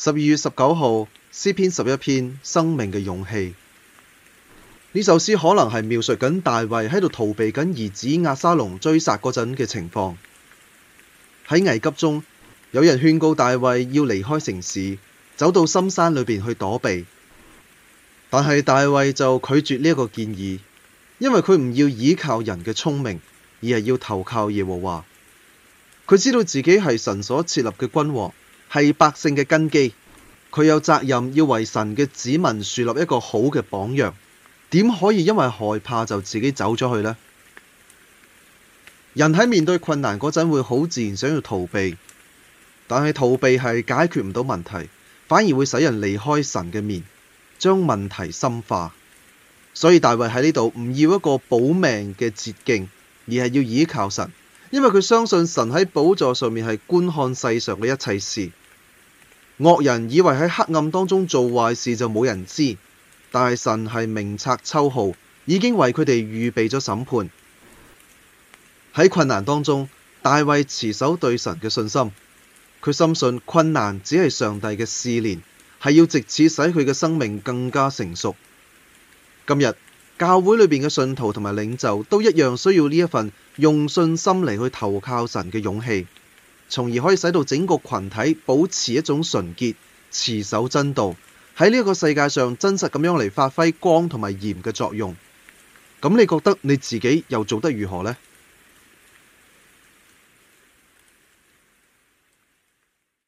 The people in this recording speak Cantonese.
十二月十九號，詩篇十一篇，生命嘅勇氣。呢首詩可能係描述緊大衛喺度逃避緊兒子押沙龍追殺嗰陣嘅情況。喺危急中，有人勸告大衛要離開城市，走到深山裏邊去躲避。但係大衛就拒絕呢一個建議，因為佢唔要依靠人嘅聰明，而係要投靠耶和華。佢知道自己係神所設立嘅君王，係百姓嘅根基，佢有責任要為神嘅子民樹立一個好嘅榜樣。點可以因為害怕就自己走咗去呢？人喺面對困難嗰陣會好自然想要逃避，但係逃避係解決唔到問題，反而會使人離開神嘅面，將問題深化。所以大衛喺呢度唔要一個保命嘅捷徑，而係要依靠神。因為佢相信神喺寶座上面係觀看世上嘅一切事，惡人以為喺黑暗當中做壞事就冇人知，但係神係明察秋毫，已經為佢哋預備咗審判。喺困難當中，大衛持守對神嘅信心，佢深信困難只係上帝嘅試煉，係要藉此使佢嘅生命更加成熟。今日，教會裏邊嘅信徒同埋領袖都一樣需要呢一份用信心嚟去投靠神嘅勇氣，從而可以使到整個群體保持一種純潔、持守真道，喺呢個世界上真實咁樣嚟發揮光同埋鹽嘅作用。咁你覺得你自己又做得如何呢？